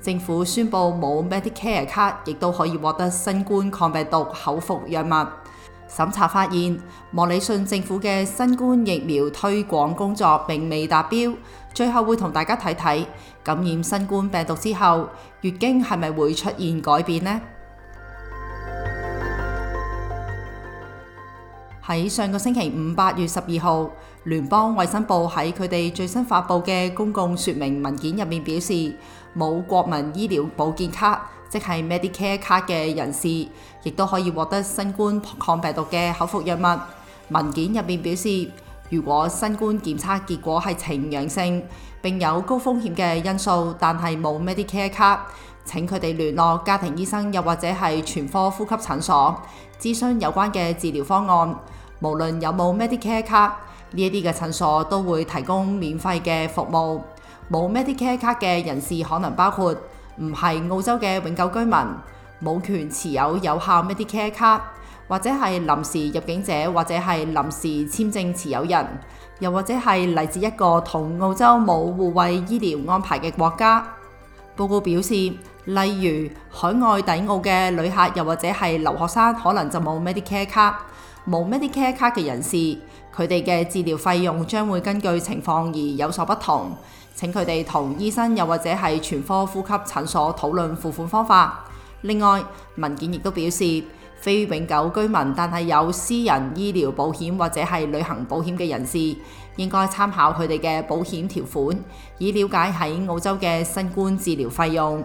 政府宣布冇 Medicare 卡，亦都可以獲得新冠抗病毒口服藥物。審查發現，莫里遜政府嘅新冠疫苗推廣工作並未達標，最後會同大家睇睇感染新冠病毒之後月經係咪會出現改變呢？喺上個星期五，八月十二號，聯邦衛生部喺佢哋最新發布嘅公共說明文件入面表示。冇國民醫療保健卡，即係 Medicare 卡嘅人士，亦都可以獲得新冠抗病毒嘅口服藥物。文件入面表示，如果新冠檢測結果係呈陽性，並有高風險嘅因素，但係冇 Medicare 卡，請佢哋聯絡家庭醫生，又或者係全科呼吸診所，諮詢有關嘅治療方案。無論有冇 Medicare 卡，呢一啲嘅診所都會提供免費嘅服務。冇 Medicare 卡嘅人士，可能包括唔係澳洲嘅永久居民、冇權持有有效 Medicare 卡，或者係臨時入境者，或者係臨時簽證持有人，又或者係嚟自一個同澳洲冇互惠醫療安排嘅國家。報告表示，例如海外抵澳嘅旅客，又或者係留學生，可能就冇 Medicare 卡。冇 Medicare 卡嘅人士，佢哋嘅治療費用將會根據情況而有所不同，請佢哋同醫生又或者係全科呼吸診所討論付款方法。另外，文件亦都表示，非永久居民但係有私人醫療保險或者係旅行保險嘅人士，應該參考佢哋嘅保險條款，以了解喺澳洲嘅新冠治療費用。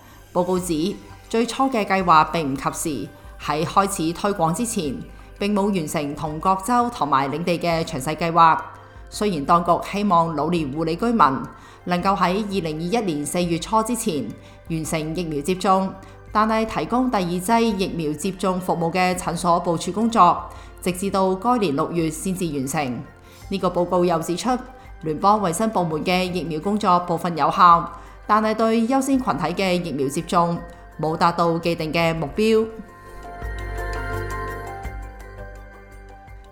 報告指，最初嘅計劃並唔及時，喺開始推廣之前並冇完成同各州同埋領地嘅詳細計劃。雖然當局希望老年護理居民能夠喺二零二一年四月初之前完成疫苗接種，但係提供第二劑疫苗接種服務嘅診所部署工作，直至到該年六月先至完成。呢個報告又指出，聯邦衞生部門嘅疫苗工作部分有效。但係對優先群體嘅疫苗接種冇達到既定嘅目標。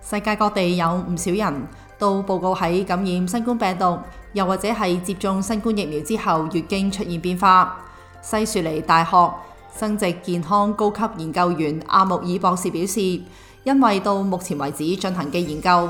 世界各地有唔少人都報告喺感染新冠病毒，又或者係接種新冠疫苗之後月經出現變化。西雪梨大學生殖健康高級研究員阿木爾博士表示，因為到目前為止進行嘅研究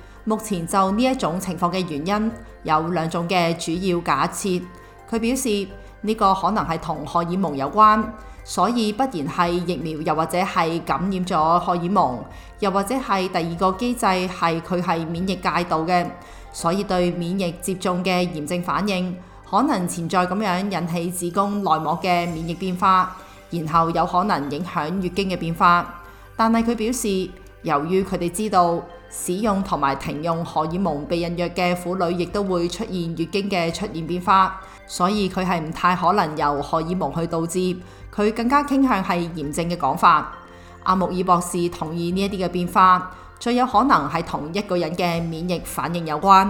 目前就呢一種情況嘅原因有兩種嘅主要假設，佢表示呢個可能係同荷爾蒙有關，所以不然係疫苗，又或者係感染咗荷爾蒙，又或者係第二個機制係佢係免疫介導嘅，所以對免疫接種嘅炎症反應可能潛在咁樣引起子宮內膜嘅免疫變化，然後有可能影響月經嘅變化。但係佢表示，由於佢哋知道，使用同埋停用荷爾蒙避孕藥嘅婦女亦都會出現月經嘅出現變化，所以佢係唔太可能由荷爾蒙去導致，佢更加傾向係炎症嘅講法。阿穆爾博士同意呢一啲嘅變化，最有可能係同一個人嘅免疫反應有關。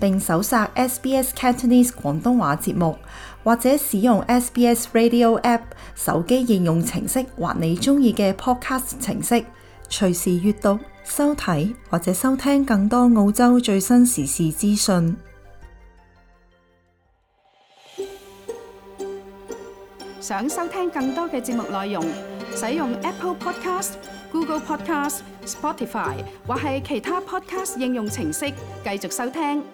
並搜索 SBS Cantonese 廣東話節目，或者使用 SBS Radio App 手機應用程式或你中意嘅 Podcast 程式，隨時閲讀、收睇或者收聽更多澳洲最新時事資訊。想收聽更多嘅節目內容，使用 Apple Podcast、Google Podcast、Spotify 或係其他 Podcast 應用程式，繼續收聽。